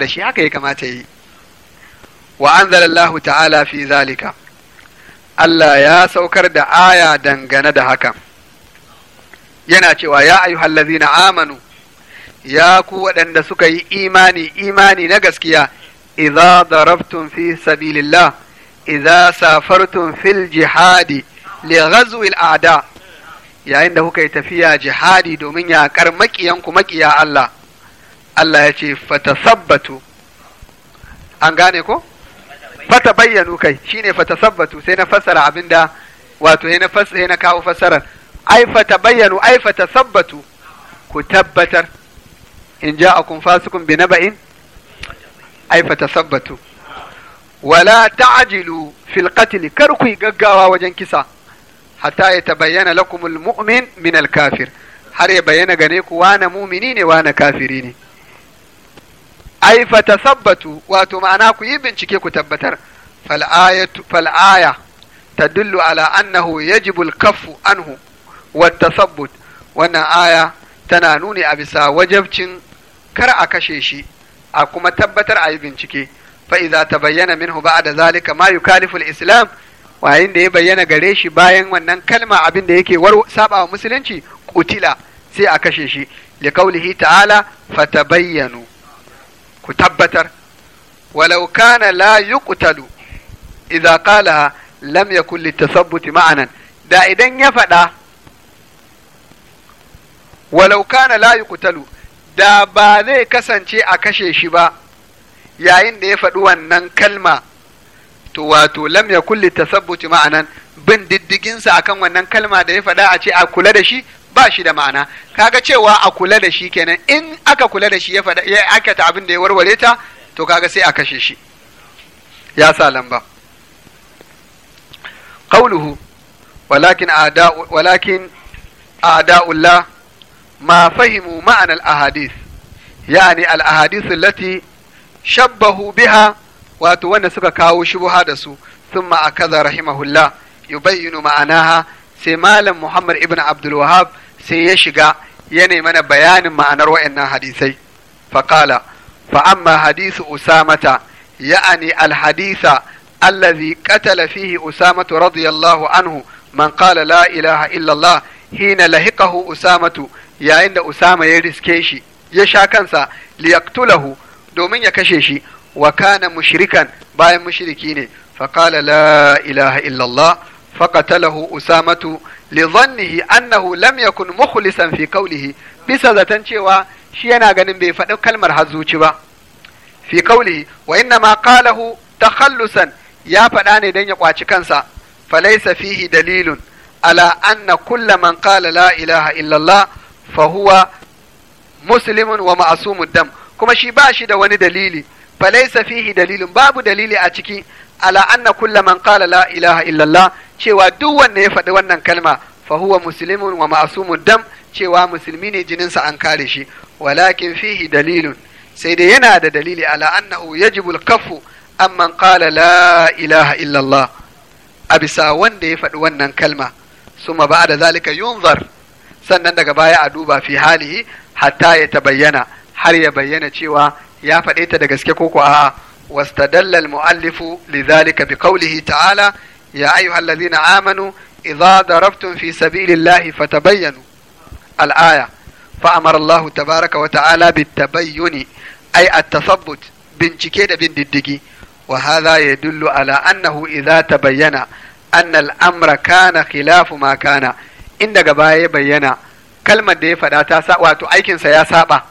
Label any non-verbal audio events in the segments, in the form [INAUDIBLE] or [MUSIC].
da shi haka ya kamata yi wa anzalallahu ta'ala fi zalika Allah ya saukar da aya dangane da hakan yana cewa ya ayyuhallazina amanu ya ku waɗanda suka yi imani imani na gaskiya idza darabtum fi sabilillah idza safartum fil jihadi li ghazwil a'da yayin da kuka yi tafiya jihadi domin yaƙar maƙiyanku maƙiya Allah Allah ya ce fatasabbatu an gane ko fata bayyanu kai shine fatasabbatu sai na fassara abinda wato sai na fassara na kawo fassarar ai fata bayyanu ai fatasabbatu ku tabbatar in ja'akum fasikun bi naba'in ai fatasabbatu wala ta'jilu fil qatl kar ku gaggawa wajen kisa hatta ya tabayyana lakumul mu'min min al kafir har ya bayyana gane ku wane mumini ne wane kafiri ne ai fatasabbatu wato ma'ana ku yi bincike ku tabbatar fal'aya tadullu ala annahu yajibu al-kaffu anhu wa tasabbut wannan aya tana nuna a bisa wajabcin kar a kashe shi a kuma tabbatar a yi bincike fa idza tabayyana minhu da zalika mayu, kaliful islam wayin da ya bayyana gare shi bayan wannan kalma abin da yake war musulunci kutila sai a kashe shi li qawlihi ta'ala fatabayyanu ku tabbatar walau kana la yuqtalu idza qalaha lam yakun litasabbuti ma'anan da idan ya faɗa walau kana la yuqtalu da ba zai kasance a kashe shi ba yayin da ya faɗi wannan kalma to wato lam yakun litasabbuti ma'anan bin diddiginsa akan wannan kalma da ya faɗa a ce a kula da shi ba shi da ma'ana kaga cewa a kula da shi kenan in aka kula da shi ya faɗa ya aikata abin da ya warware ta to kaga sai a kashe shi ya sa lamba qawluhu walakin ada walakin a'da'ullah ma fahimu ma'ana al-ahadith yani al-ahadith allati shabbahu biha wato wanda suka kawo shubuha da su thumma akaza rahimahullah yubayyinu ma'anaha sai malam Muhammad ibn Abdul sai ya shiga ya mana bayanin ma'anar wa'annan hadisai faƙala fa amma hadisu usamata ya'ani alhadisa allazi qatala fihi usamatu radiyallahu anhu man qala la ilaha illallah hina lahiqahu usamatu yayin da usama ya riske shi ya sha kansa liyaqtulahu domin ya kashe shi wa kana mushrikan bayan mushriki ne فقال لا إله إلا الله فقتله li dhannihi annahu lam yakun mukhlisan fi qawlihi bisa zaton cewa shi yana ganin bai faɗi kalmar hazzuci ba fi qawlihi wa inna ma qalahu takhallusan ya faɗa ne dan ya kwaci kansa falaysa fihi dalilun ala anna kulla man qala illallah fa huwa muslimun wa ma'sumud dam kuma shi ba shi da wani dalili falaysa fihi dalilun babu dalili a ciki ala anna kulla man qala illallah cewa duk wanda ya faɗi wannan kalma fa huwa muslimun wa ma'sumun dam cewa musulmi ne jininsa an kare shi walakin fihi dalilun sai dai yana da dalili ala annahu yajibu al-kaffu amman qala la ilaha illallah a bisa wanda ya faɗi wannan kalma suma ba da zalika yunzar sannan daga baya a duba fi halihi hatta ya ta bayyana har ya bayyana cewa ya faɗe ta da gaske ko ko a'a wastadalla al-mu'allifu lidhalika bi qawlihi ta'ala ya ayyuhal ladina amanu idza darabtum fi sabilillahi fatabayyanu bayyanu. aya fa amara tabaraka wa ta'ala bitabayyuni ay a tathabbut bincike da bin diddigi wa hadha yadullu ala annahu idza tabayyana anna al-amra kana khilafu ma in daga baya ya bayyana kalmar da ya faɗa ta sa wato aikinsa ya saba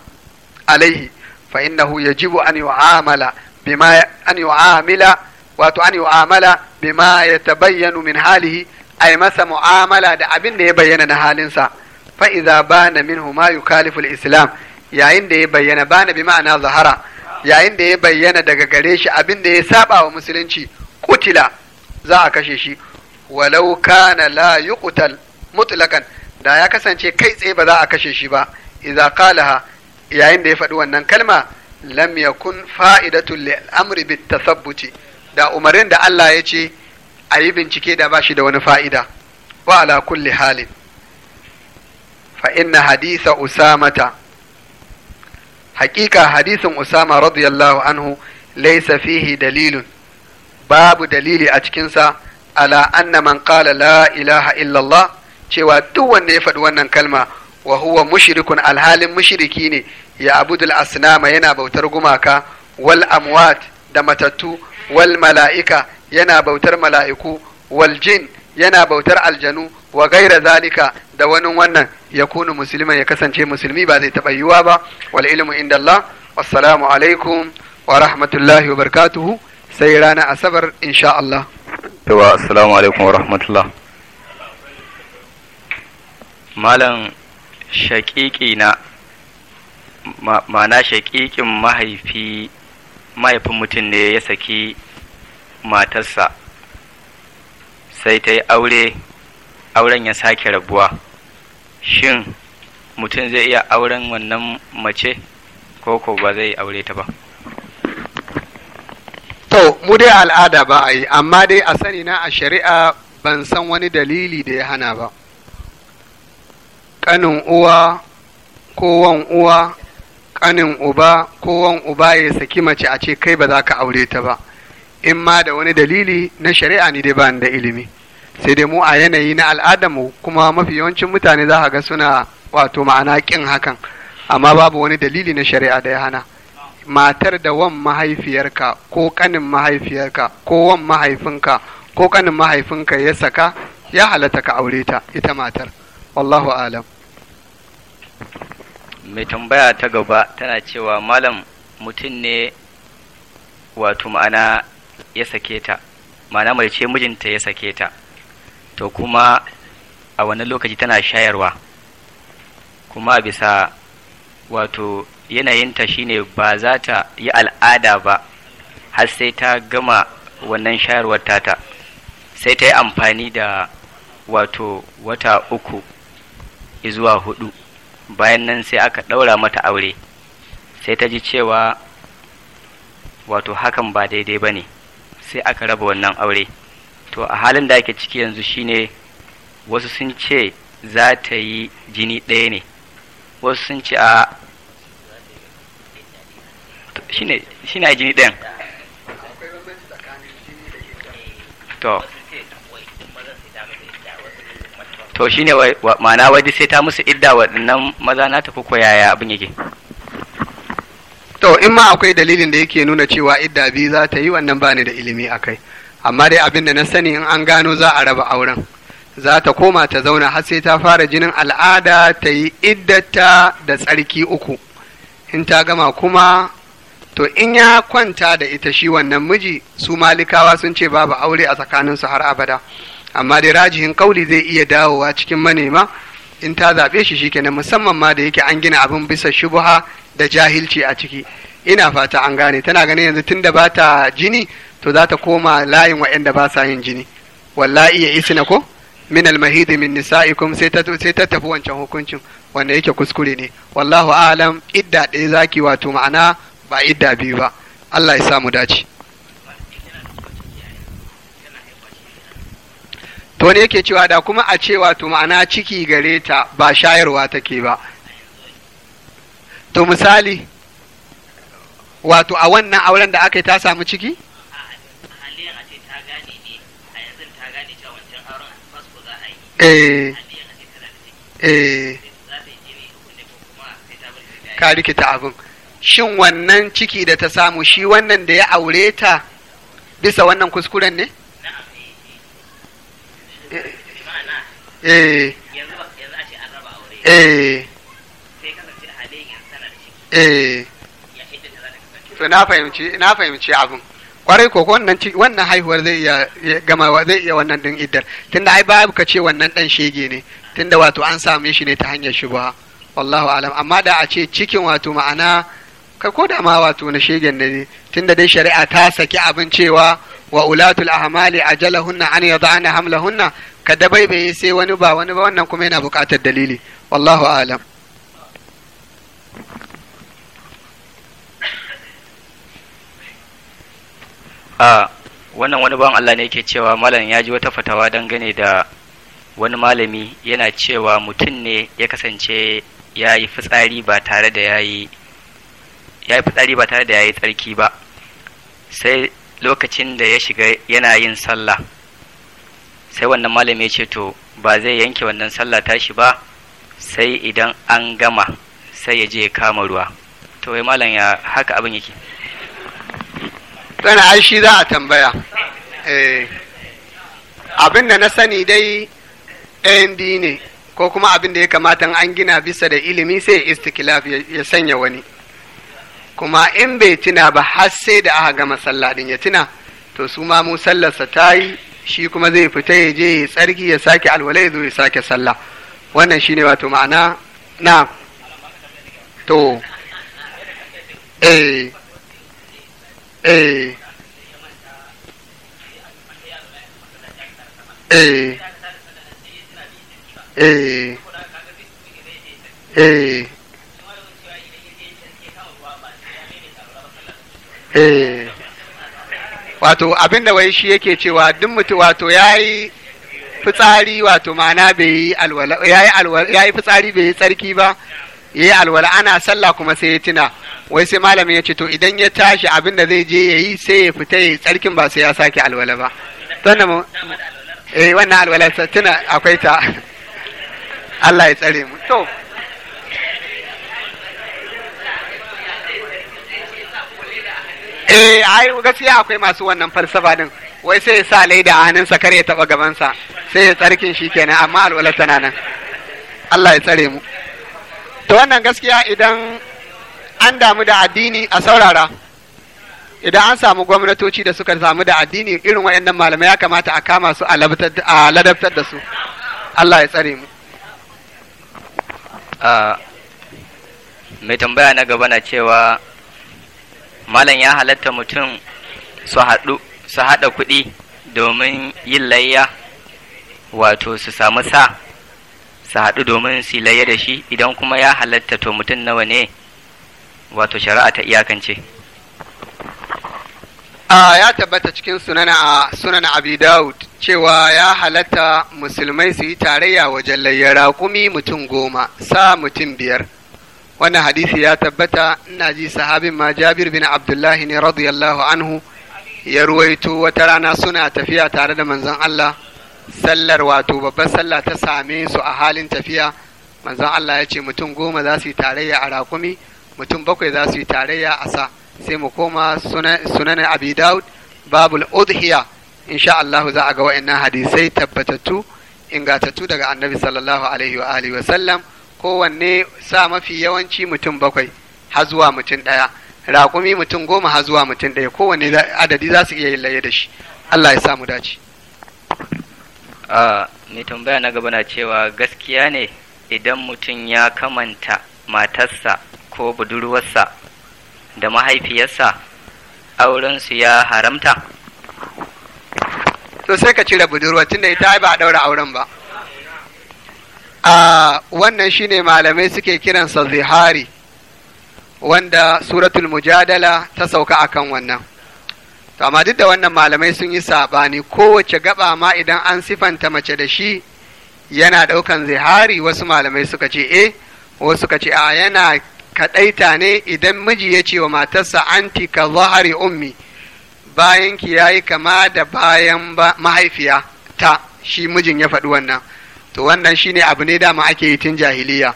alaihi fa innahu yajibu an yu'amala bima an yu'amila wato an yu'amala bima ya tabayyanu min halihi ai masa mu'amala da abin da ya bayyana na halinsa fa idza bana min ma yukalifu islam yayin da ya bayyana bana bi ma'ana zahara yayin da ya bayyana daga gare shi abin da ya saba musulunci kutila za a kashe shi walau kana la yuqtal mutlaqan da ya kasance kai tsaye ba za a kashe shi ba idza qalaha yayin da ya faɗi wannan kalma lam yakun fa'idatul lil amri bit tasabbuti da umarin da Allah ya ce a yi bincike da ba shi da wani fa'ida wa ala kulli halin fa inna hadisa usamata haƙiƙa hadisin usama radiyallahu anhu laisa fihi dalilun babu dalili a cikinsa ala anna man qala la ilaha illallah cewa duk wanda ya faɗi wannan kalma wa huwa mushrikun alhalin mushriki ne ya abudul asnama yana bautar gumaka wal amwat da matattu wal mala'ika yana bautar mala'iku wal jin yana bautar aljanu wa gaira zalika da wani wannan ya kuna musulman ya kasance musulmi ba zai taɓa yiwuwa ba wal ilmu inda Allah wassalamu alaikum wa rahmatullahi wa sai rana asabar insha Allah wa malam shaƙiƙi na ma'ana shaƙiƙin mahaifi mahaifin mutum ne ya saki matarsa sai ta yi aure auren ya sake rabuwa shin mutum zai iya auren wannan mace ko ko ba zai aure ta ba to mu dai al'ada ba a yi amma dai a sani na a shari'a ban san wani dalili da ya hana ba ƙanin uwa ko wan uwa kanin uba ko wan uba ya saki mace a ce kai ba za ka aure ta ba in ma da wani dalili na shari'a ni dai ba da ilimi sai dai mu a yanayi na al'adamu kuma mafi yawancin mutane za ka ga suna wato ma'ana kin hakan amma babu wani dalili na shari'a da ya hana matar da wan mahaifiyarka ko ƙanin mahaifiyarka ko wan mahaifinka ko kanin mahaifinka ya saka ya halatta ka aure ta ita matar wallahu alam mai tambaya ta gaba tana cewa malam mutum ne wato ma'ana ya sake ta ma'ana mai ce mijinta ya sake ta to kuma a wannan lokaci tana shayarwa kuma bisa wato yanayinta shine ba za ta yi al'ada ba har sai ta gama wannan shayarwar tata sai ta yi amfani da wato wata uku zuwa hudu bayan nan sai aka ɗaura mata aure sai ta ji cewa wato hakan ba daidai ba ne sai aka raba wannan aure to a halin da ake ciki yanzu shine wasu sun ce za ta yi jini ɗaya ne wasu sun ce a shine shine jini ɗayan to to shi ne ma'ana wadda sai ta musu idda waɗannan maza nata ko yaya abin yake to in ma akwai dalilin da yake nuna cewa idda biyu za ta yi wannan bani da ilimi akai amma dai abin da na sani in an gano za a raba auren za ta koma ta zauna har sai ta fara jinin al'ada ta yi iddata da tsarki uku in ta gama kuma to in ya kwanta da ita shi wannan miji su malikawa sun ce babu aure a tsakaninsu har abada amma dai rajihin kauli zai iya dawowa cikin manema in ta zaɓe shi shikenan musamman ma da yake an gina abin bisa shubuha da jahilci a ciki ina fata an gane tana ganin yanzu tun da ba ta jini to za ta koma layin waɗanda ba sa yin jini wallahi ya isna ko min almahidi min nisa'ikum sai ta sai ta tafi wancan hukuncin wanda yake kuskure ne wallahu a'lam idda ɗaya zaki wato ma'ana ba idda biyu ba Allah ya samu dace to ne yake cewa da kuma a ce wato ma'ana ciki gare ta ba shayarwa take ba to misali wato a wannan auren da aka yi ta samu ciki eh. Eh. ka rikita abin shin wannan ciki da ta samu shi wannan da ya aure ta bisa wannan kuskuren ne? eh yanzu a ce eh eh to na fahimci na fahimci abin kwarai ko wannan wannan haihuwar zai iya gama zai iya wannan din iddar tunda ai babu ka ce wannan dan shege ne tunda wato an same shi ne ta hanyar shubha wallahu alam amma da a ce cikin wato ma'ana kai ko da ma wato na shegen ne tunda dai shari'a ta saki abin cewa wa ulatul ahmali ajalahunna an yad'ana hamlahunna ka bai sai wani ba wani ba wannan kuma yana buƙatar dalili wallahu alam a wannan wani ban Allah ne yake cewa malam ya ji wata fatawa dangane da wani malami yana cewa mutum ne ya kasance ya yi fitsari ba tare da ya yi fitsari ba tare da ya yi tsarki ba sai lokacin da ya shiga yana yin sallah sai wannan malami ya ce to ba zai yanke wannan sallah tashi ba sai idan an gama sai ya je ya kama ruwa to wai malam ya haka abin yake tsana shi za a tambaya eh, abin da na sani dai ɗayan biyu ne ko kuma abin da ya kamata an gina bisa da ilimi sai istikilaf ya sanya wani kuma in bai tuna ba har sai da aka gama sallah din ya tuna to su ma mu sallarsa ta yi shi kuma zai fita ya je ya tsarki ya sake alwala ya zo ya sake sallah wannan shine wato ma'ana na to eh eh eh eh eh eh wato abin da wai shi yake cewa duk mutu wato yayi fitsari wato mana bai yi alwala yayi alwala yayi fitsari bai yi tsarki ba yayi alwala ana sallah kuma sai ya tuna wai sai malamin ya ce to idan ya tashi abin da zai je yayi sai ya fita yayi tsarkin ba sai ya sake alwala ba mu eh wannan alwala tuna akwai ta [LAUGHS] Allah ya tsare mu to eh ai gaskiya akwai masu wannan falsafa din wai sai ya sa laida a hannunsa kar ya taba gabansa sai ya tsarkin shi kenan amma alwala tana nan Allah ya tsare mu to wannan gaskiya idan an damu da addini a saurara idan an samu gwamnatoci da suka samu da addini irin waɗannan malamai ya kamata a kama su a ladabtar da su Allah ya tsare mu ah, mai tambaya na gaba na cewa malam ya halatta mutum su haɗu su haɗa kuɗi domin yin layya wato su samu sa su haɗu domin su layya da shi idan kuma ya halatta to mutum nawa ne wato shari'a ta iyakance a ya tabbata cikin sunan a sunan abi daud cewa ya halatta musulmai su yi tarayya wajen layyar raƙumi mutum goma sa mutum biyar wannan hadisi ya tabbata ina ji sahabin ma jabir bin abdullahi ne radiyallahu anhu ya ruwaito wata rana suna tafiya tare da manzon Allah sallar wato babbar sallah ta same su a halin tafiya manzon Allah ya ce mutum goma za su yi tarayya a rakumi mutum bakwai za su yi tarayya a sa sai mu koma sunan abi daud babul udhiya insha Allah za a ga wa'annan hadisai tabbatattu ingatattu daga annabi sallallahu alaihi wa alihi wa sallam kowanne sa mafi yawanci mutum bakwai har zuwa mutum ɗaya raƙumi mutum goma har zuwa mutum ɗaya kowanne adadi za su iya yin laye da shi Allah ya samu dace mai tambaya na gaba na cewa gaskiya ne idan mutum ya kamanta matarsa ko budurwarsa da mahaifiyarsa aurensu ya haramta to sai ka cire budurwa tunda ita ba a ɗaura auren ba a wannan shi ne malamai suke kiransa zihari wanda suratul mujadala ta sauka akan wannan to amma duk da wannan malamai sun yi saɓani kowace gaba ma idan an sifanta mace da shi yana ɗaukan zihari wasu malamai suka ce eh wasu suka ce a yana kaɗaita ne idan miji ya ce wa matarsa anti ka zahari ummi bayan ki yayi kama da bayan mahaifiya ta, shi mijin ya faɗi wannan to wannan shine abu ne dama ake yi tun jahiliya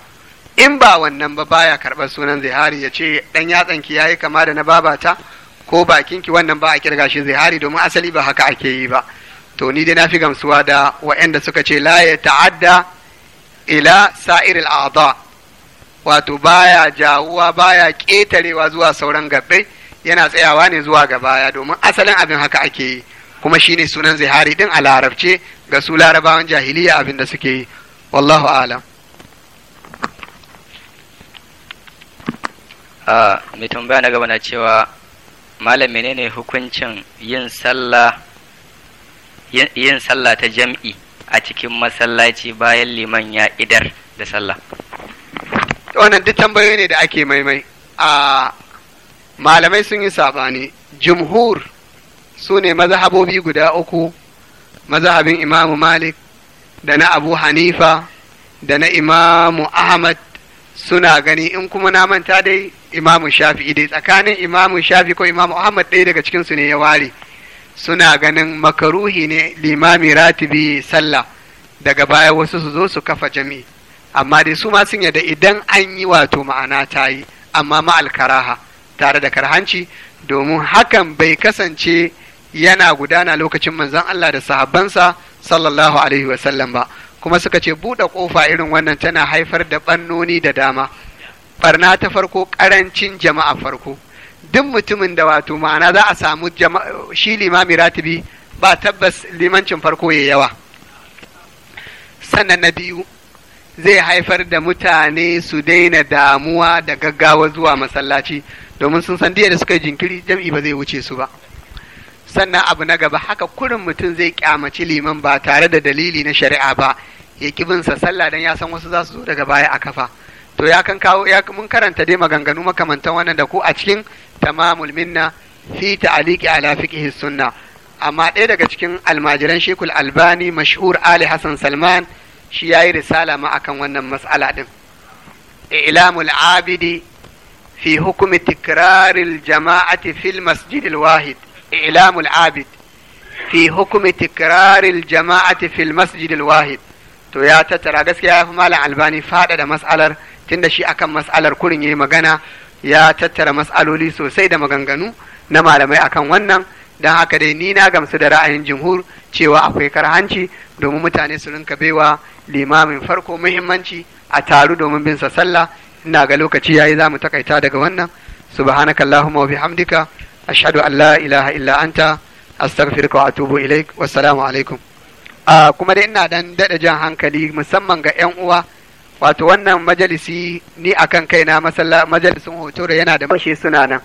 in ba wannan ba baya karɓar sunan zihari ya ce ɗan yatsanki ya yi kama da na babata ko bakinki wannan ba a kirga shi zihari domin asali ba haka ake yi ba to ni dai na fi gamsuwa da wa'anda suka ce la ya ta'adda ila sa'iril a'da wato baya jawuwa baya ketarewa zuwa sauran gabbai yana tsayawa ne zuwa ga baya domin asalin abin haka ake yi kuma shine sunan zihari din a larabce ga su larabawan jahiliya abin da suke yi wallahu alam mai tambaya na gaba na cewa malam menene hukuncin yin sallah yin sallah ta jam'i a cikin masallaci bayan liman ya idar da sallah wannan duk tambayoyi ne da ake maimai a malamai sun yi sabani jumhur su ne mazhabobi guda uku mazhabin imamu malik da na abu hanifa da na imamu ahmad suna gani in kuma na manta dai imamu shafi'i dai tsakanin imamu shafi ko imamu ahmad ɗaya daga cikinsu ne ya ware suna ganin makaruhi ne limami ratibi sallah daga baya wasu su zo su kafa jami amma dai su ma sun yadda idan an yi wato ma'ana ta yi amma ma'al tare da karhanci domin hakan bai kasance yana gudana lokacin manzon Allah da sahabbansa sallallahu alaihi wasallam ba kuma suka ce buɗe kofa irin wannan tana haifar da ɓannoni da dama barna ta farko ƙarancin jama'a farko duk mutumin da wato ma'ana za a samu shi limami ratibi ba tabbas limancin farko ya yawa sannan na biyu zai haifar da mutane su daina damuwa da gaggawa zuwa masallaci domin sun san da suka jinkiri jam'i ba zai wuce su ba sannan abu na gaba haka kurin mutum zai kyamaci liman ba tare da dalili na shari'a ba ya ki bin sa sallah dan ya san wasu za su zo daga baya a kafa to ya kan kawo ya mun karanta dai maganganu makamantan wannan da ku a cikin tamamul minna fi ta'liqi ala fiqhi sunna amma ɗaya daga cikin almajiran shekul albani mashhur ali hassan salman shi ya yi risala ma akan wannan mas'ala din ilamul abidi fi hukumi tikrarin jama'ati fil masjidil wahid إعلام العابد في حكم تكرار الجماعة في المسجد الواحد to ya tattara gaskiya ya fi malam albani faɗaɗa matsalar tunda shi akan matsalar kurin ya yi magana ya tattara matsaloli sosai da maganganu na malamai akan wannan don haka dai ni na gamsu da ra'ayin jimhur cewa akwai karhanci domin mutane su rinka baiwa limamin farko muhimmanci a taru domin bin sallah ina ga lokaci yayi za mu takaita daga wannan subhanakallahumma wa hamdika. ashhadu an la ilaha illa anta astaghfiruka wa atubu ilaik wassalamu alaikum kuma dai ina dan dada jan hankali musamman ga yan uwa wato wannan majalisi ni akan kaina masalla majalisin hoto da yana da mashi suna nan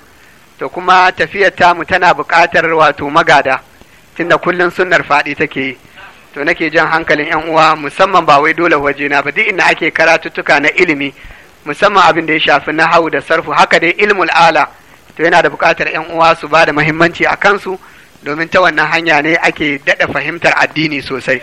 to kuma tafiyar mu tana buƙatar wato magada tunda kullum sunnar faɗi take yi to nake jan hankalin yan uwa musamman ba wai dole waje na ba duk inda ake karatuttuka na ilimi musamman abin da ya shafi na hau da sarfu haka dai ilmul ala to yana da buƙatar 'yan uwa su ba da muhimmanci a kansu domin ta wannan hanya ne ake daɗa fahimtar addini sosai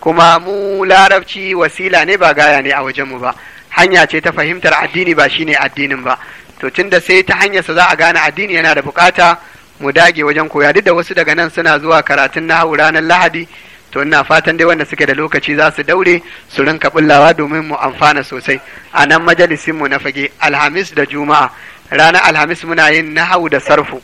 kuma mu larabci wasila ne ba gaya ne a wajenmu ba hanya ce ta fahimtar addini ba shine addinin ba to tunda sai ta hanyarsa za a gane addini yana da buƙata mu dage wajen koya duk da wasu daga nan suna zuwa karatun hau ranar lahadi to ina fatan dai wanda suke da lokaci za su daure su rinka bullawa domin mu amfana sosai a nan majalisinmu na fage alhamis da juma'a ranar alhamis muna yin nahawu da sarfu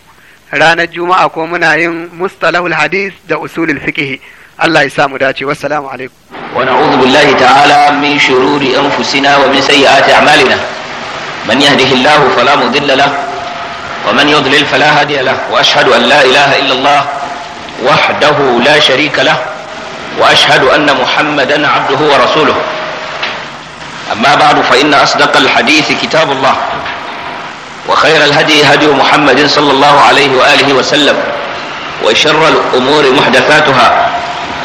ranar juma'a ko muna yin mustalahul hadis da usulul fiqh Allah ya sa mu dace wassalamu alaikum wa na'udhu billahi ta'ala min shururi anfusina wa min sayyiati a'malina man yahdihillahu fala mudilla lahu wa man yudlil fala hadiya lahu wa ashhadu an la ilaha illa Allah wahdahu la sharika lahu wa ashhadu anna Muhammadan 'abduhu wa rasuluhu amma ba'du fa inna asdaqal hadisi kitabullah وخير الهدي هدي محمد صلى الله عليه وآله وسلم وشر الأمور محدثاتها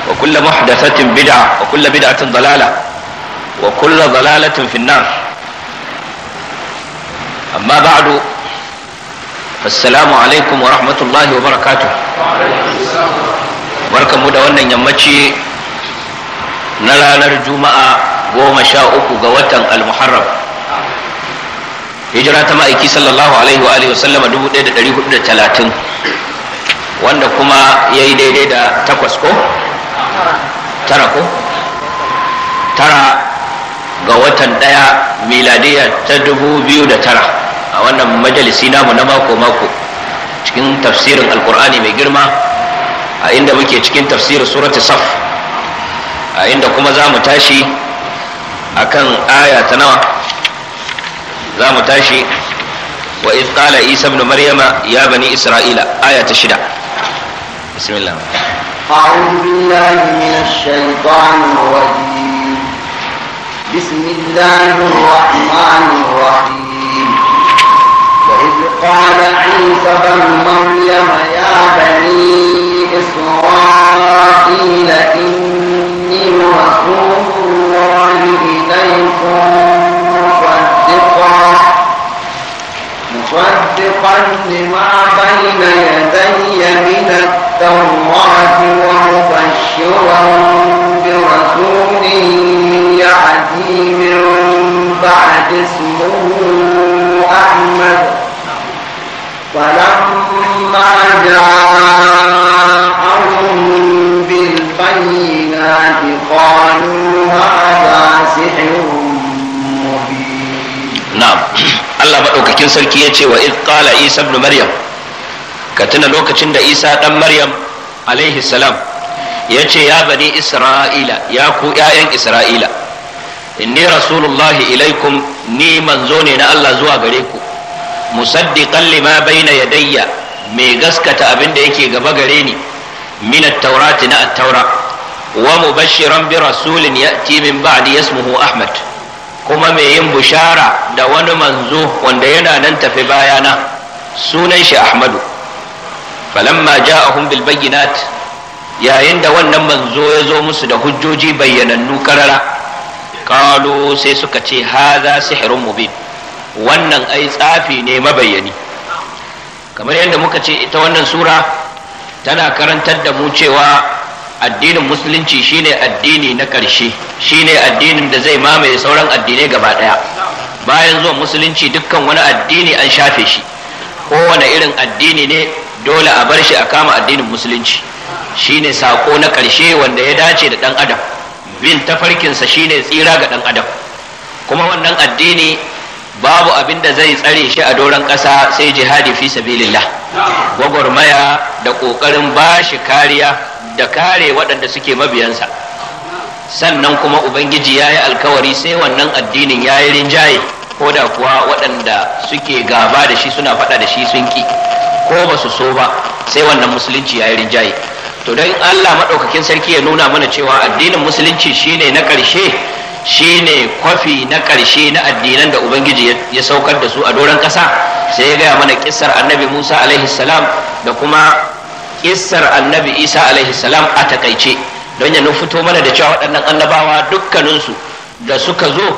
وكل محدثة بدعة وكل بدعة ضلالة وكل ضلالة في النار أما بعد فالسلام عليكم ورحمة الله وبركاته barkan mu da wannan yammaci na ranar juma'a goma sha uku ga hijira ta ma'aiki sallallahu alaihi wa alihi da 1430 wanda kuma ya yi daidai da takwas ko tara ko tara ga watan daya miladiya ta dubu biyu da tara a wannan majalisi namu na mako-mako cikin tafsirin alkur'ani mai girma a inda muke cikin tafsirin surati saf a inda kuma za mu tashi akan aya ta nawa ذا متاشي وإذ قال عيسى qala مريم يا بني إسرائيل آية isra'ila بسم الله أعوذ بالله من الشيطان الرجيم بسم الله الرحمن الرحيم وإذ قال عيسى بن مريم يا بني إسرائيل إني رسول الله إليكم بالفصل ما بين يدي من التوراة ومبشرا برسول يأتي من بعد اسمه أحمد فلما جاءهم بالبينات قالوا هذا سحر مبين نعم Allah maɗaukakin sarki ya ce wa id qala isa ibn maryam ka tuna lokacin da isa dan maryam alaihi salam ya ce ya bani isra'ila ya ku ƴaƴan isra'ila inni rasulullahi ilaikum ni manzo ne na Allah zuwa gare ku musaddiqan lima baina yadayya mai gaskata abin da yake gaba gare ni min at-taurati na at-taura wa mubashiran bi rasulin ya'ti min ba'di ismuhu ahmad kuma mai yin bushara da wani manzo wanda yana nan tafi bayana sunan shi ahmadu falamma ja'ahum bil bayyinat yayin da wannan manzo ya zo musu da hujjoji bayyanannu karara kalu sai suka ce hadha sihrun mubin wannan ai tsafi ne mabayyani kamar yadda muka ce ita wannan sura tana karantar da mu cewa addinin musulunci shine addini na ƙarshe shine addinin da zai mamaye sauran addinai gaba ɗaya bayan zuwa musulunci dukkan wani addini an shafe shi kowane irin addini ne dole a bar shi a kama addinin musulunci shine sako na ƙarshe wanda ya dace da ɗan adam bin tafarkinsa shine tsira ga ɗan adam kuma wannan addini babu abin da zai tsare shi a doron ƙasa sai jihadi fi sabilillah gwagwarmaya da ƙoƙarin ba shi kariya da kare waɗanda suke mabiyansa sannan kuma ubangiji ya yi alkawari sai wannan addinin ya yi rinjaye ko da kuwa waɗanda suke gaba da shi suna faɗa da shi sun ki ko ba su so ba sai wannan musulunci ya yi rinjaye to don allah maɗaukakin sarki ya nuna mana cewa addinin musulunci shine na ƙarshe shine kwafi na ƙarshe na addinan da ubangiji ya saukar da su a doron ƙasa sai ya gaya mana kissar annabi musa alaihi salam da kuma kissar annabi isa alaihi salam a takaice don ya fito mana da cewa waɗannan annabawa dukkaninsu da suka zo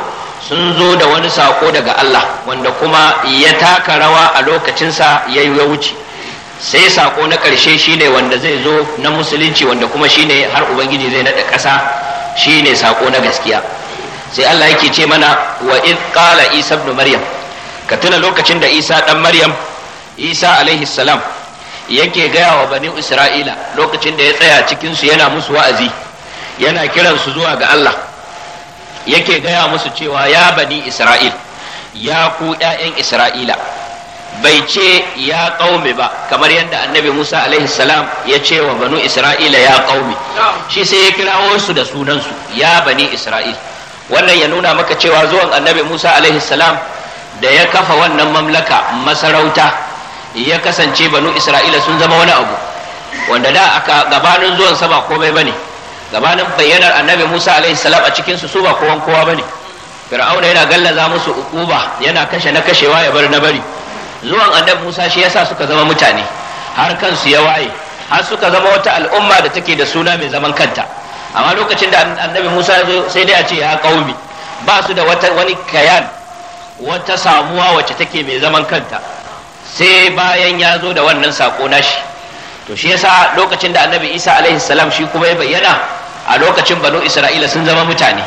sun zo da wani sako daga Allah wanda kuma ya taka rawa a lokacinsa ya yi wuce sai sako na ƙarshe shine wanda zai zo na musulunci wanda kuma shine har ubangiji zai naɗa ƙasa shine sako na gaskiya sai Allah yake ce mana wa in qala isa maryam ka tuna lokacin da isa dan maryam isa alaihi salam yake gaya wa bani isra'ila lokacin da ya tsaya cikin su yana musu wa'azi yana kiran su zuwa ga Allah yake gaya musu cewa ya bani isra'il ya ku ‘ya'yan isra'ila bai ce ya ƙaume ba kamar yadda annabi musa salam ya ce wa bani isra'ila ya ƙaume shi sai ya kirawo su da sunansu ya bani isra'il wannan ya nuna maka cewa zuwan annabi musa salam da ya kafa wannan mamlaka masarauta ya kasance banu isra'ila sun zama wani abu wanda da aka gabanin zuwan sa ba komai bane gabanin bayyanar annabi Musa alaihi salam a cikin su su ba kowan kowa bane fir'auna yana gallaza musu ukuba yana kashe na kashewa ya bar na bari zuwan annabi Musa shi yasa suka zama mutane har kansu ya waye har suka zama wata al'umma da take da suna mai zaman kanta amma lokacin da annabi Musa ya zo sai dai a ce ya kaumi ba su da wata wani kayan wata samuwa wacce take mai zaman kanta sai bayan ya zo da wannan sako nashi to shi yasa lokacin da annabi isa alaihi salam shi kuma ya bayyana a lokacin banu isra'ila sun zama mutane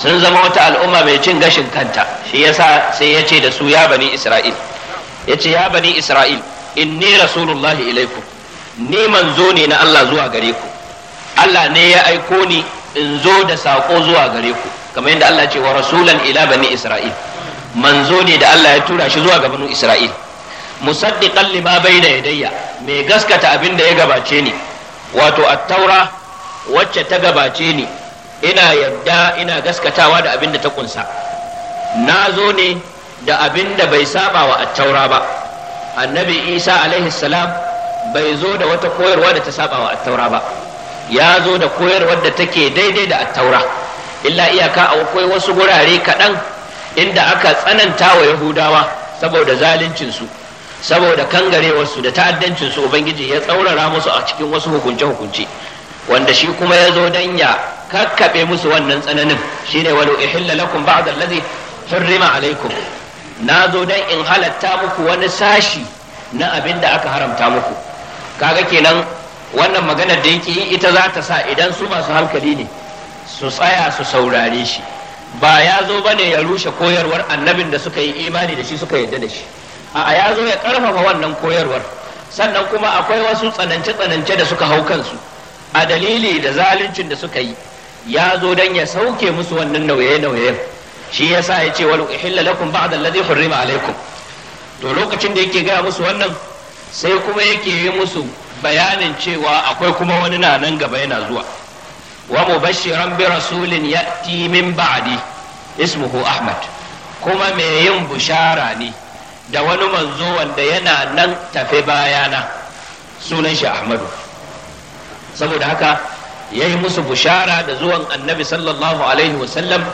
sun zama wata al'umma mai cin gashin kanta shi yasa sai ya ce da su ya bani isra'il ya ce ya bani isra'il inni rasulullahi ilaikum ni manzo ne na Allah zuwa gare ku Allah ne ya aiko ni in zo da sako zuwa gare ku kamar yadda Allah ce wa rasulan ila bani isra'il manzo ne da Allah ya tura shi zuwa ga banu isra'il musaddiqan lima bayna yadayya mai gaskata abin da ya gabace ni wato at-taura wacce ta gabace ni ina yadda ina gaskatawa da abin da ta kunsa na zo ne da abin da bai saba wa at-taura ba annabi isa alaihi salam bai zo da wata koyarwa da ta saba wa at-taura ba ya zo da koyarwa da take daidai da at-taura illa iyaka akwai wasu gurare kaɗan inda aka tsananta wa yahudawa saboda zaluncinsu su saboda kangarewarsu da ta'addancin su ubangiji ya tsaurara musu a cikin wasu hukunce hukunce wanda shi kuma ya zo dan ya kakkabe musu wannan tsananin shine walau ihilla lakum ba'd allazi hurrima alaikum na zo dan in halatta muku wani sashi na abin da aka haramta muku kaga kenan wannan maganar da yake yi ita za ta sa idan su masu hankali ne su tsaya su saurare shi ba ya zo bane ya rushe koyarwar annabin da suka yi imani da shi suka yarda da shi a ya zo ya karfafa wannan koyarwar sannan kuma akwai wasu tsanance-tsanance da suka hau kansu a dalili da zaluncin da suka yi ya zo don ya sauke musu wannan nauye nauye shi ya sa ya ce wal uhilla lakum ba'da alladhi hurrima alaikum to lokacin da yake gaya musu wannan sai kuma yake yi musu bayanin cewa akwai kuma wani na nan gaba yana zuwa wa mubashiran bi rasulin ya'ti min ba'di ismuhu ahmad kuma mai yin bushara ne da wani manzo wanda yana nan tafe bayana sunan shi ahmadu saboda haka ya yi musu bushara da zuwan annabi sallallahu alaihi wasallam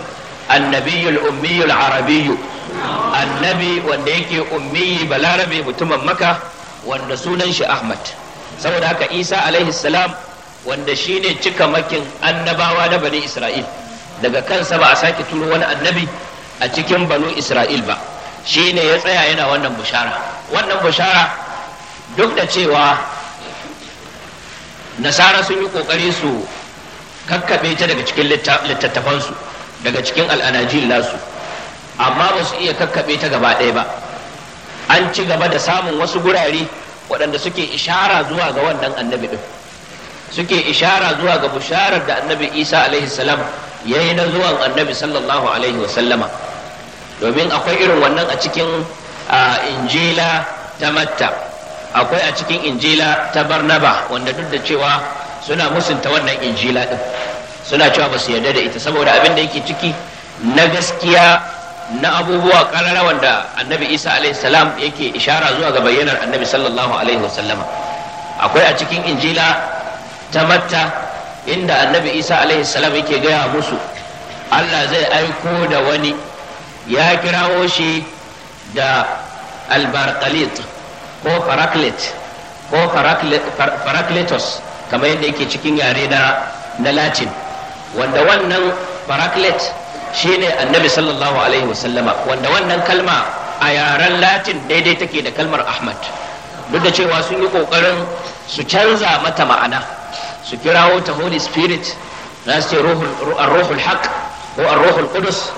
annabiyul ummiyul arabiyu annabi wanda yake ummiyi balarabe mutumin maka wanda sunan shi ahmad saboda haka isa alaihi salam wanda shine cikamakin annabawa na bani isra'il daga kansa ba a sake turo wani annabi a cikin Bani isra'il ba Shi ne ya tsaya yana wannan bushara wannan bushara duk da cewa nasara sun yi kokari su kakkabe ta daga cikin littattafansu daga cikin al'anajin lasu amma ba su iya kakkabe ta gaba ɗaya ba an ci gaba da samun wasu gurare waɗanda suke ishara zuwa ga wannan annabi ɗin suke ishara zuwa ga bisharar da annabi isa alaihi salam ya yi na zuwan annabi sallallahu alaihi wasallama domin akwai irin wannan a cikin injila ta matta akwai a cikin injila ta barnaba wanda duk da cewa suna musunta wannan injila din suna cewa ba su yarda da ita saboda abin da yake ciki na gaskiya na abubuwa karara wanda annabi isa alaihi salam yake ishara zuwa ga bayyanar annabi sallallahu alaihi wasallama akwai a cikin injila ta matta inda annabi isa alaihi salam yake gaya musu allah zai aiko da wani ya kirawo shi da albarkalit ko faraklet ko farakletos kamar yadda yake cikin yare na na latin wanda wannan shi shine annabi sallallahu alaihi wasallama wanda wannan kalma a yaren latin daidai take da kalmar ahmad duk da cewa sun yi kokarin su canza mata ma'ana su kirawo ta holy spirit za su ce ruhul haq ko ruhul qudus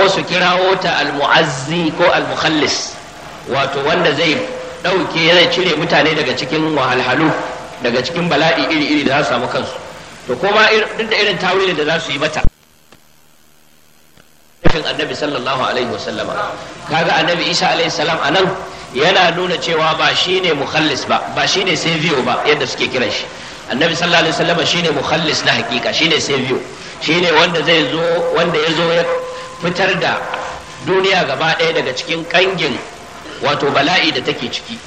ko su kirawo ta almu'azzi ko almukhallis wato wanda zai ɗauke zai cire mutane daga cikin wahalhalu daga cikin bala'i iri-iri da za su samu kansu to kuma duk da irin tawilin da za su yi mata nufin annabi sallallahu alaihi wasallama kaga annabi isa alaihi salam a nan yana nuna cewa ba shine mukhallis ba ba shine savior ba yadda suke kiran shi annabi sallallahu alaihi wasallama shine mukhallis na hakika shine savior shine wanda zai zo wanda ya zo fitar da duniya gaba ɗaya daga cikin ƙangin wato bala'i da take ciki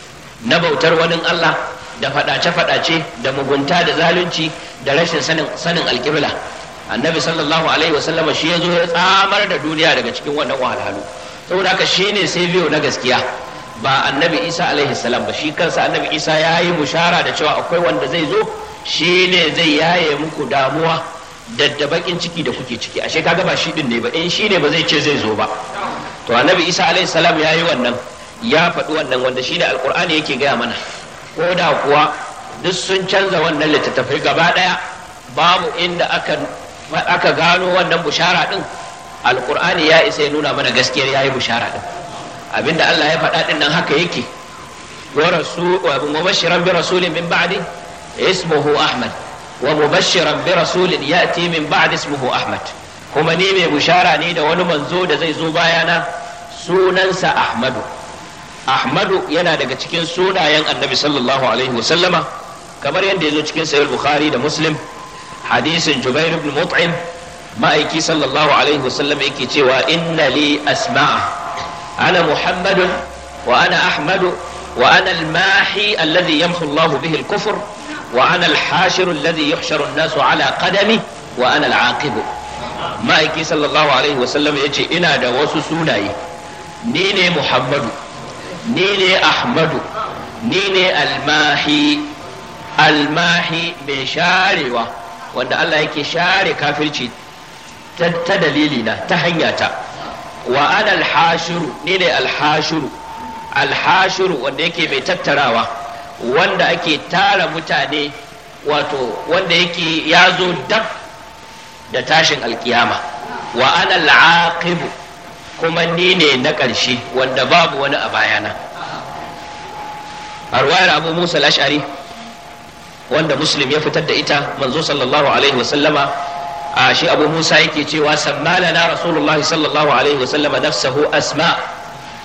na bautar wani Allah da faɗace-faɗace da mugunta da zalunci da rashin sanin alƙibla annabi sallallahu alaihi wasallama shi ya zo ya tsamar da duniya daga cikin wannan wahalhalu saboda haka shi ne sai biyo na gaskiya ba annabi isa alaihi salam ba shi kansa annabi isa ya yi bushara da cewa akwai wanda zai zo shi ne zai yaye muku damuwa da bakin ciki da kuke ciki ashe kaga ba shi din ne ba in shi ne ba zai ce zai zo ba to annabi isa alaihi salam yi wannan ya faɗi wannan wanda shi ne alqur'ani yake gaya mana ko da kuwa duk sun canza wannan littattafai gaba daya babu inda aka aka gano wannan bushara din alqur'ani ya isa ya nuna mana gaskiyar yayi bushara din abinda Allah ya faɗa din nan haka yake wa rasul wa mubashiran bi rasulin min ba'di ismuhu ahmad wa mubashiran bi rasulin ya'ti min ba'd ismuhu ahmad kuma ni mai bushara ne da wani manzo da zai zo bayana sunansa ahmadu ahmadu yana daga cikin sunayen annabi sallallahu alaihi wa sallama kamar yadda ya zo cikin sahih bukhari da muslim hadisin jubair ibn mut'im ma'aiki sallallahu alaihi wa sallama yake cewa inna li asma'a ana muhammadun wa ana ahmadu wa ana al-mahi alladhi yamhu Allah bihi al wa ana al-hashiru alladhi yuhsharu an-nasu ala qadami wa ana al-aqib ma'aiki sallallahu alaihi wasallam yace ina da wasu sunaye ni muhammadu ni ne ahmadu almahi almahi mai sharewa wanda Allah yake share kafirci ta dalilina ta hanyata wa ana ne alhashiru alhashiru wanda yake mai tattarawa wanda ake tara mutane wato wanda yake ya zo dab da tashin alkiyama wa ana al'aqibu kuma ni ne na ƙarshe wanda babu wani a bayana a abu musa lashari wanda muslim ya fitar da ita manzo sallallahu alaihi wasallama a shi abu musa yake cewa sammala na rasulullahi sallallahu alaihi wasallama nafsahu asma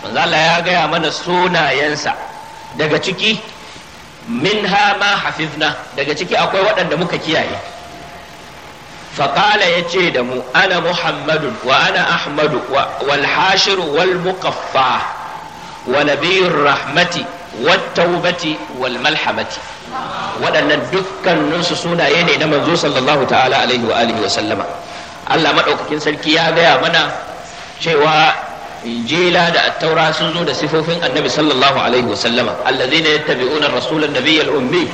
manzo Allah ya gaya mana sunayensa daga ciki minha ma hafizna daga ciki akwai waɗanda muka kiyaye faƙala ya ce da mu ana Muhammadu wa ana ahmadu wal hashiru wal muqaffa wa nabiyur rahmati Wataubati taubati wal malhamati waɗannan dukkaninsu sunaye ne na manzo sallallahu alaihi wa alihi Allah maɗaukakin sarki ya gaya mana cewa injila da attaura sun zo da sifofin annabi sallallahu alaihi wa sallama allazina yattabi'una ar-rasula an-nabiy al-ummi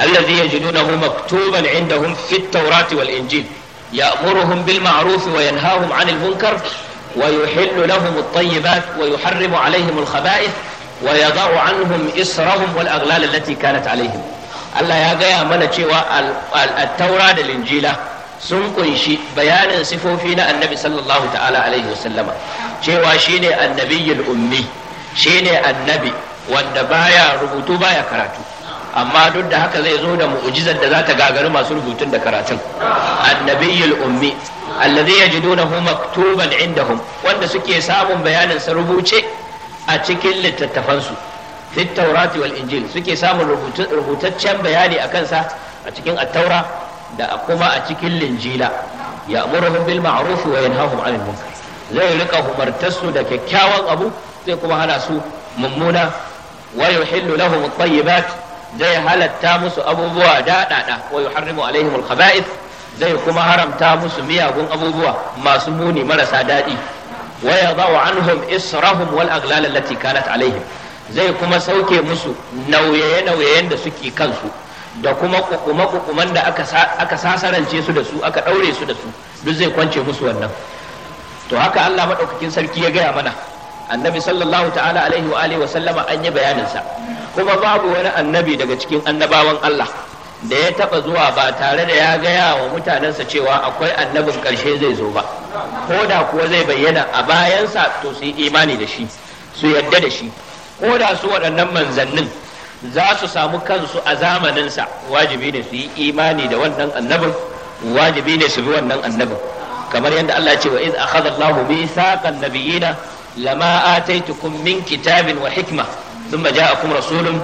alladhi yajidunahu maktuban 'indahum fi at-taurati wal-injil ya'muruhum bil ma'ruf wa yanhahum 'anil bunkar wa yuhillu lahum at-tayyibat wa yuharrimu 'alayhim al-khaba'ith wa yadha'u 'anhum israhum wal-aghlal allati kanat 'alayhim Allah ya gaya mana cewa at-taura da injila sun kunshi bayanin sifofi na annabi sallallahu ta'ala alaihi wasallama cewa shine annabiyyul ummi shine annabi wanda baya rubutu baya karatu amma duk da haka zai zo da mu'jizar da za ta gagari masu rubutun da karatun annabiyyul ummi alladhi yajidunahu maktuban indahum wanda suke samun bayanin sa rubuce a cikin littattafansu fit tawrati wal injil suke samun rubutaccen bayani akan sa a cikin Attaura. taura da kuma a cikin linjila ya amurahum bil ma'ruf wa yanhahum 'anil munkar zai rika umartarsu da kyakkyawan abu zai kuma hana su mummuna wa yuhillu lahum at-tayyibat zai halatta musu abubuwa daɗaɗa wa yuharrimu alaihim al-khaba'ith zai kuma haramta musu miyagun abubuwa masu muni marasa daɗi wa yadau anhum israhum wal aghlal allati kanat alaihim zai kuma sauke musu nauye-nauyen da suke kansu da kuma kukume-kukumen da aka sasarance su da su aka ɗaure su da su duk zai kwance musu wannan to haka Allah maɗaukakin sarki ya gaya mana annabi sallallahu ta'ala alaihi wa alihi wa sallama an yi bayaninsa kuma babu wani annabi daga cikin annabawan Allah da ya taɓa zuwa ba tare da ya gaya wa mutanensa cewa akwai annabin ƙarshe zai zo ba ko da kuwa zai bayyana a bayansa to su yi imani da shi su yarda da shi ko da su waɗannan manzannin za su samu kansu a zamaninsa wajibi ne su yi imani da wannan annabin wajibi ne su bi wannan annabin kamar yadda Allah ce wa iz akhadha Allahu mithaqan nabiyina lama ataitukum min kitabin wa hikma thumma ja'akum rasulun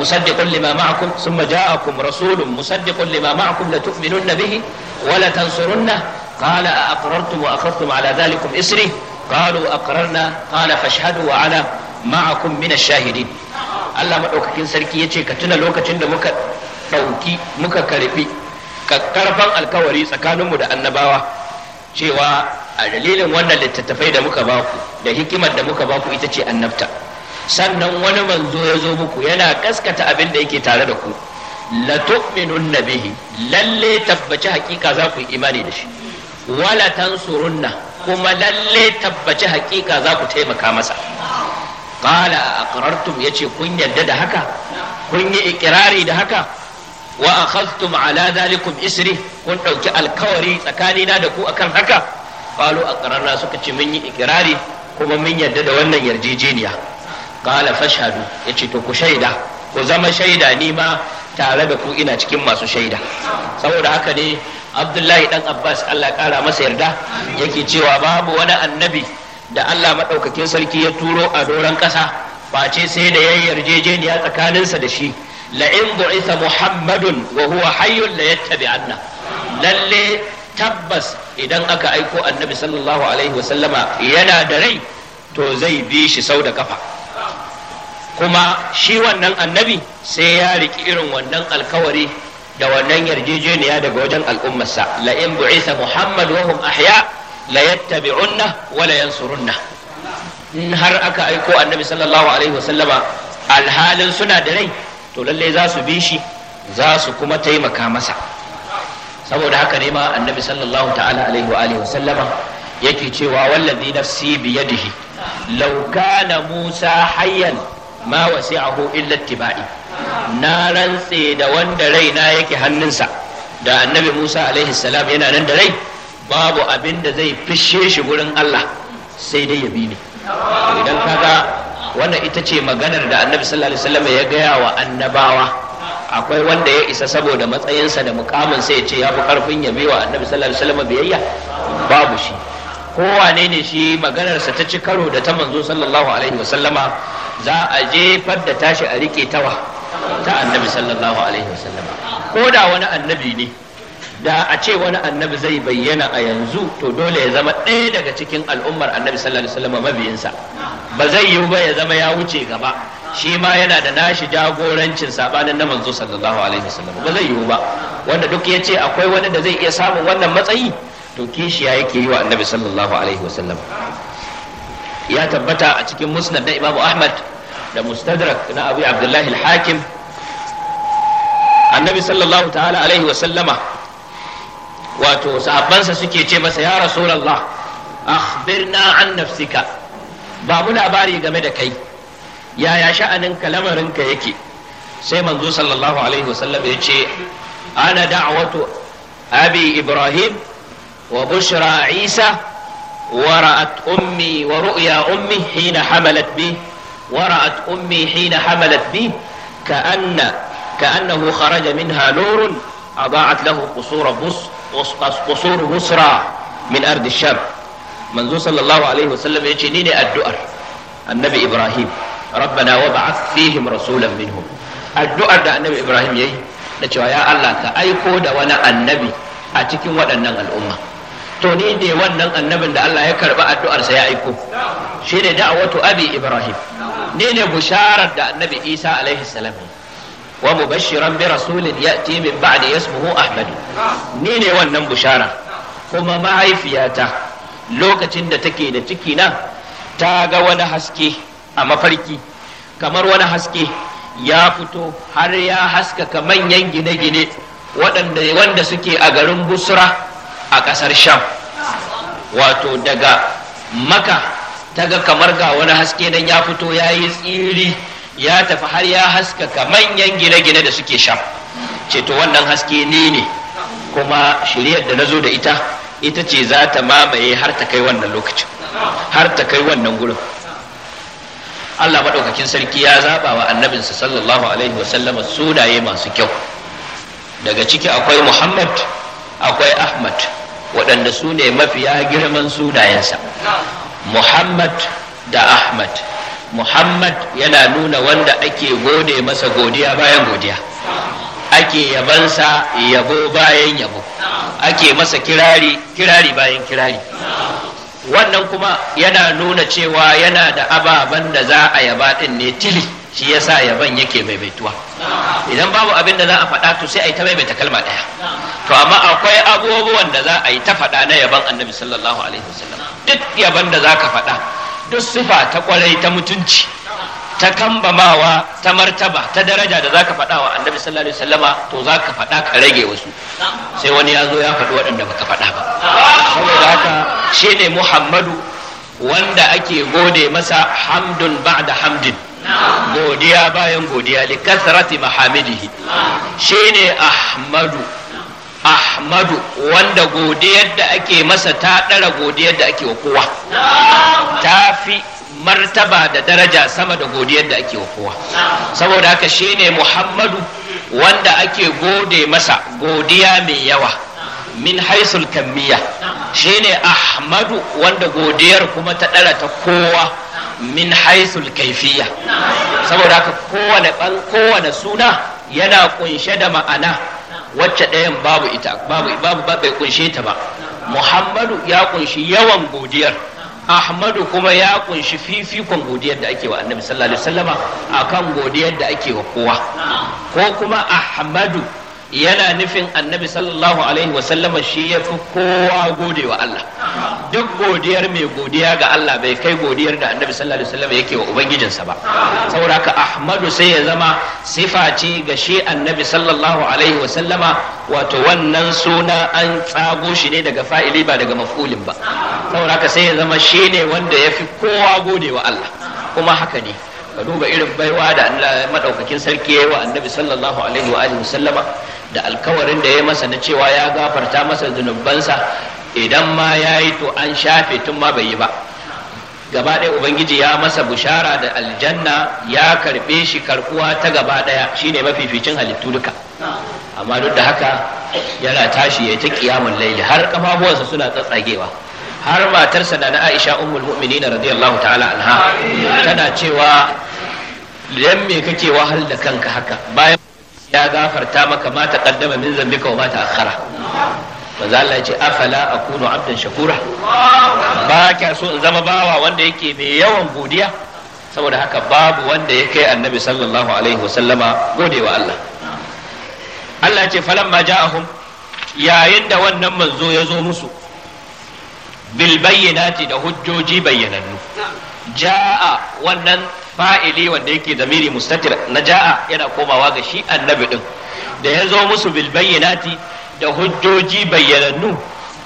مصدق لما معكم ثم جاءكم رسول مصدق لما معكم لتؤمنن به ولتنصرنه قال أأقررتم وأخذتم على ذلكم إسري قالوا أقررنا قال فاشهدوا وأنا معكم من shahidin. Allah maɗaukakin sarki ya ce ka tuna lokacin da muka ɗauki muka karɓi karfan alkawari tsakaninmu da annabawa cewa a dalilin wannan littattafai da muka baku da hikimar da muka baku ita ce annabta sannan wani manzo ya zo muku yana kaskata abin da yake tare da ku la tu'minunna nabihi lalle tabbaci hakika za ku yi imani da shi wala tansurunna kuma lalle tabbaci hakika za ku taimaka masa qala aqrartum yace kun yadda da haka kun yi ikirari da haka wa akhadhtum ala dhalikum isri kun ɗauki alkawari tsakanina da ku akan haka qalu aqrarna suka ce mun yi ikirari kuma mun yadda da wannan yarjejeniya qala fashhadu yace to ku shaida ku zama shaida ni ma tare da ku ina cikin masu shaida saboda haka ne abdullahi dan abbas allah kara masa yarda yake cewa babu wani annabi da Allah maɗaukakin sarki ya turo a doron ƙasa ba ce sai da ya yarjejeniya tsakaninsa da shi la'in bu'itha muhammadun wa huwa hayyun la yattabi anna lalle tabbas idan aka aiko annabi sallallahu alaihi wa sallama yana da rai to zai bi shi sau da kafa kuma shi wannan annabi sai ya riki irin wannan alkawari da wannan yarjejeniya daga wajen al'ummarsa la'in bu'itha muhammad wa hum ahya' la yattabi'unna wa la yansurunna in har aka aiko annabi sallallahu alaihi wasallama alhalin suna da rai to lalle za su bi shi za su kuma taimaka masa saboda haka ne ma annabi sallallahu ta'ala alaihi wa alihi wasallama yake cewa wallazi nafsi biyadihi law kana musa hayyan ma wasi'ahu illa ittiba'i na rantse da wanda raina yake hannunsa da annabi musa alaihi salam yana nan da rai babu abin da zai fishe shi gurin Allah sai dai ya bi ne. idan kaga wannan ita ce maganar da annabi sallallahu alaihi wasallam ya gaya wa annabawa akwai wanda ya isa saboda matsayinsa da mukamin sai ya ce ya fi karfin ya wa annabi sallallahu alaihi wasallam biyayya babu shi kowane ne shi maganarsa ta ci karo da ta manzo sallallahu alaihi wasallama za a jefar da tashi a rike tawa ta annabi sallallahu alaihi wasallama ko da wani annabi ne da a ce wani annabi zai bayyana a yanzu to dole ya zama ɗaya daga cikin al'ummar annabi sallallahu alaihi wasallam mabiyinsa ba zai yi ba ya zama ya wuce gaba shi ma yana da nashi jagorancin sabanin na manzo sallallahu alaihi wasallam ba zai yi ba wanda duk ya ce akwai wani da zai iya samun wannan matsayi to kishiya yake yi wa annabi sallallahu alaihi wasallam ya tabbata a cikin musnad na imamu ahmad da mustadrak na abu abdullahi al-hakim annabi sallallahu ta'ala alaihi wasallama wato sahabbansa suke ce masa ya rasulallah akhbirna an nafsika ba mu labari game da kai yaya sha'anin kalamarinka yake sai manzo sallallahu alaihi wasallam ya ce ana da'watu abi ibrahim wa bushra isa ورأت أمي ورؤيا أمي حين حملت بي ورأت أمي حين حملت بي كأن كأنه خرج منها نور أضاعت له قصور بصر qusur husra min ardi sham manzo sallallahu alaihi wasallam yace ni ne addu'ar annabi ibrahim rabbana wa ba'ath fihim rasulan minhum addu'ar da annabi ibrahim ya yayi da cewa ya Allah ka aiko da wani annabi a cikin waɗannan al'umma to ni ne wannan annabin da Allah ya karba addu'arsa ya aiko shine da'awatu abi ibrahim ne ne bisharar da annabi isa alaihi salam wa mubashiran bi rasulin ya'ti min ba'di buhu ahmad ni ne wannan bushara kuma mahaifiyata lokacin da take da ciki na ta ga wani haske a mafarki kamar wani haske ya fito har ya haskaka manyan gine-gine waɗanda wanda suke a garin busra a ƙasar sham wato daga maka ta ga kamar ga wani haske nan ya fito ya yi tsiri ya tafi har ya haskaka manyan gine-gine da suke sha ce wannan haske ni ne kuma shiryar da na zo da ita ita ce za ta mamaye har ta kai wannan lokacin har ta kai wannan gurin Allah maɗaukakin sarki ya zaɓa wa annabinsa sallallahu alaihi wasallama sunaye masu kyau daga ciki akwai muhammad akwai ahmad waɗanda su ne mafiya girman sunayensa muhammad da ahmad muhammad yana nuna wanda ake gode masa godiya bayan godiya ake yabansa yabo bayan yabo ake masa kirari kirari bayan kirari wannan kuma yana nuna cewa yana da ababen da za a yaba din ne tili shi yasa yaban yake maimaituwa idan babu abin da za a faɗa to sai a yi ta maimaita kalma ɗaya to amma akwai abubuwan da za a yi ta faɗa na yaban annabi sallallahu alaihi wasallam duk yaban da za ka faɗa duk sifa ta kwarai ta mutunci ta kambamawa ta martaba ta daraja da zaka faɗa wa annabi sallallahu alaihi wasallama to zaka faɗa ka rage wasu sai wani ya zo ya faɗi waɗanda baka faɗa ba saboda haka shine muhammadu wanda ake gode masa hamdun ba'da hamdin godiya bayan godiya li kasrati mahamidihi shine ahmadu ahmadu wanda godiyar da ake masa ta ɗara godiyar da ake wa kowa ta fi martaba da daraja sama da godiyar da ake wa kowa saboda haka shi ne muhammadu wanda ake gode masa godiya mai yawa min haisul kammiya ne ahmadu wanda godiyar kuma ta ɗara ta kowa min haisul kaifiya saboda haka kowane suna yana kunshe da ma'ana wacce ɗayan babu ita babu babu bai kunshe ta ba muhammadu ya kunshi yawan godiyar ahmadu kuma ya kunshi fifikon godiyar da ake wa annabi sallallahu alaihi wasallama akan godiyar da ake wa kowa ko kuma ahmadu yana nufin annabi sallallahu alaihi wasallama shi ya fi kowa gode wa Allah duk godiyar mai godiya ga Allah bai kai godiyar da annabi sallallahu alaihi wasallam yake wa ubangijinsa ba saboda ka ahmadu sai ya zama sifa ce ga shi annabi sallallahu alaihi wasallama wato wannan suna an tsago shi ne daga fa'ili ba daga maf'ulin ba saboda ka sai ya zama shi ne wanda ya fi kowa gode wa Allah kuma haka ne ka duba irin baiwa da Allah madaukakin sarki yayi wa annabi sallallahu alaihi da alkawarin da ya masa na cewa ya gafarta masa zunubansa idan ma ya yi to an shafe tun ma bai yi ba gaba ɗaya ubangiji ya masa bushara da aljanna ya karɓe shi karkuwa ta gaba ɗaya shine mafificin halittu duka amma duk da haka yana tashi ya ta kiyamun laili har kafafuwansa suna tsatsagewa har matarsa da na Aisha ummul mu'minin radiyallahu ta'ala anha tana cewa idan me kake wahal da kanka haka bayan ya gafarta maka ma taqaddama min zambika wa ma ta'akhkhara manzo Allah ya ce afala akunu abdan shakura ba kya so in zama bawa wanda yake mai yawan godiya saboda haka babu wanda ya kai annabi sallallahu alaihi wasallama gode wa Allah Allah ya ce falamma ja'ahum yayin da wannan manzo ya zo musu bil bayyinati da hujjoji bayyanannu ja'a wannan fa'ili wanda yake zamiri mustatir na ja'a yana komawa ga shi annabi din da ya zo musu bil bayyinati da hujjoji bayyanannu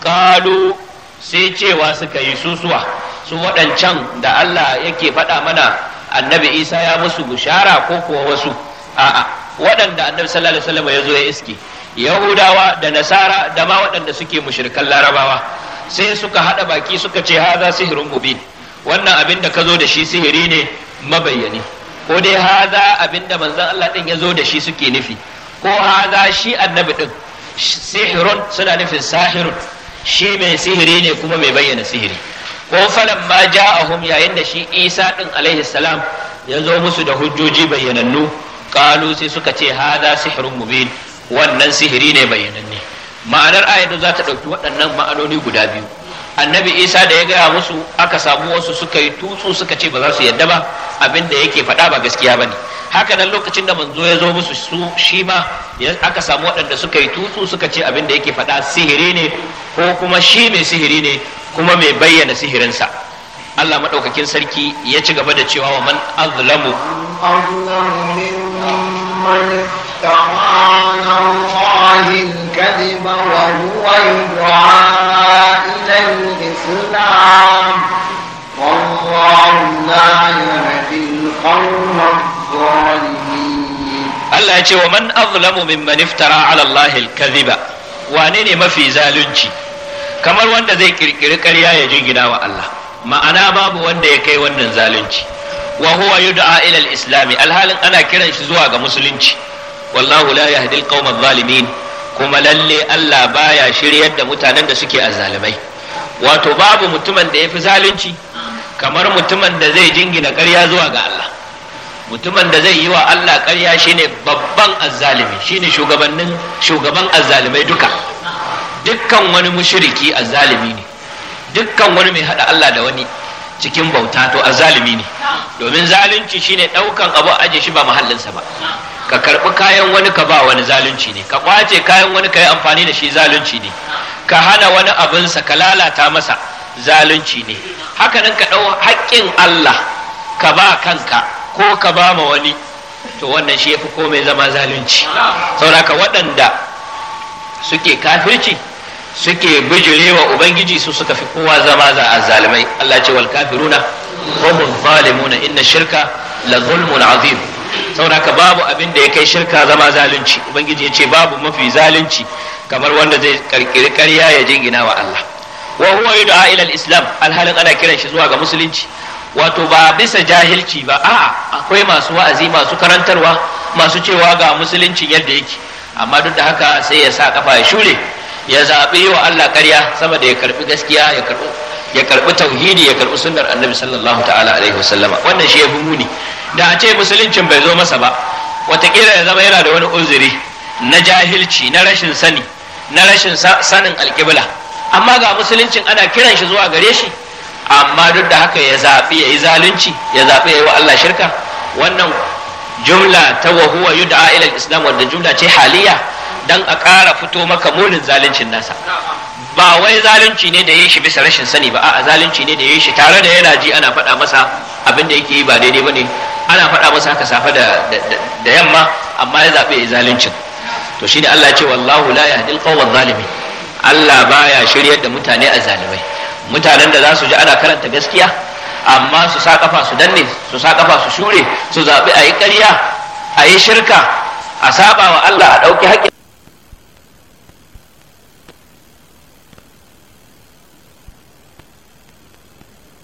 ƙalu sai cewa suka yi susuwa su waɗancan da Allah yake faɗa mana annabi isa ya musu bishara ko kuwa wasu a'a waɗanda annabi sallallahu alaihi ya zo ya iske yahudawa da nasara da ma waɗanda suke mushrikan larabawa sai suka haɗa baki suka ce haza sihirin mubin wannan abin da ka zo da shi sihiri ne mabayyani ko dai haza abin da manzon Allah ɗin ya zo da shi suke nufi ko haza shi annabi ɗin sihirun suna nufin sahirun shi mai sihiri ne kuma mai bayyana sihiri ko falan ma hum yayin da shi Isa din alaihi salam ya zo musu da hujjoji bayyanannu kalu sai suka ce hada sihirun mubin wannan sihiri ne bayyananne ma'anar ayatu za ta dauki waɗannan ma'anoni guda biyu annabi isa da ya gaya musu aka samu wasu suka yi tutsu suka ce ba za su yadda ba abinda da yake faɗa ba gaskiya ba ne haka nan lokacin da manzo ya zo musu su shi ma aka samu waɗanda suka yi tutsu suka ce abin da yake faɗa sihiri ne ko kuma shi mai sihiri ne kuma mai bayyana sihirinsa Allah maɗaukakin sarki ya ci gaba da cewa wa man azlamu Allah Allah ya ce wa man azlamu mimman iftara ala Allah al-kadhiba wane ne mafi zalunci kamar wanda zai kirkiri ƙarya ya jingina wa Allah ma'ana babu wanda ya kai wannan zalunci wa huwa yud'a ila al-islam alhalin ana kiran shi zuwa ga musulunci wallahu la yahdi al-qawma adh-dhalimin kuma lalle Allah baya shiryar da mutanen da suke azalimai. wato babu mutumin da yafi zalunci kamar mutumin da zai jingina ƙarya zuwa ga Allah mutumin da zai yi wa Allah ƙarya shine babban azzalimi shine shugabannin shugaban azzalimai duka dukkan wani mushiriki azzalimi ne dukkan wani mai hada Allah da wani cikin bauta to azzalimi ne domin zalunci shine ɗaukan abu aje shi ba mahallinsa ba ka karɓi kayan wani ka ba wani zalunci ne ka kwace kayan wani ka yi amfani da shi zalunci ne ka hana wani abinsa ka lalata masa zalunci ne haka nan ka ɗau haƙƙin Allah ka ba kanka ko ka ba ma wani to wannan shi yafi komai zama zalunci sauraka waɗanda suke kafirci suke bijirewa ubangiji su suka fi kowa zama za a zalimai Allah ce wal kafiruna humul zalimuna inna shirka la zulmun azim sauraka babu abin da ya kai shirka zama zalunci ubangiji ya ce babu mafi zalunci kamar wanda zai karkiri karya ya jingina wa Allah wa huwa yud'a ila al-islam alhalin ana kiran shi zuwa ga musulunci wato ba bisa jahilci ba a'a akwai masu wa'azi masu karantarwa masu cewa ga musulunci yadda yake amma duk da haka sai ya sa kafa ya shure ya zaɓi wa Allah karya sama da ya karɓi gaskiya ya karɓi ya karɓi tauhidi ya karɓi sunnar annabi sallallahu ta'ala alaihi wasallama wannan shi ya fi muni da a ce musuluncin bai zo masa ba Wataƙila ya zama yana da wani uzuri na jahilci na rashin sani na rashin sanin alƙibla amma ga musuluncin ana kiran shi zuwa gare shi amma duk da haka ya zaɓi ya yi zalunci ya zaɓi ya yi wa Allah shirka wannan jumla ta wa huwa yud'a ila islam wanda jumla ce haliya dan a ƙara fito maka munin zaluncin nasa ba wai zalunci ne da ya shi bisa rashin sani ba a'a zalunci ne da ya shi tare da yana ji ana faɗa masa abin da yake yi ba daidai bane ana faɗa masa haka safa da da yamma amma ya zaɓi ya zaluncin to shine Allah ya ce wallahu la yahdil qawma zalimin Allah baya shiryar da mutane a zalimai mutanen da za su ji ana karanta gaskiya amma su sa kafa su danne su sa kafa su shure su zaɓi ayi yi ƙarya a yi shirka a saba wa Allah a ɗauki haƙƙin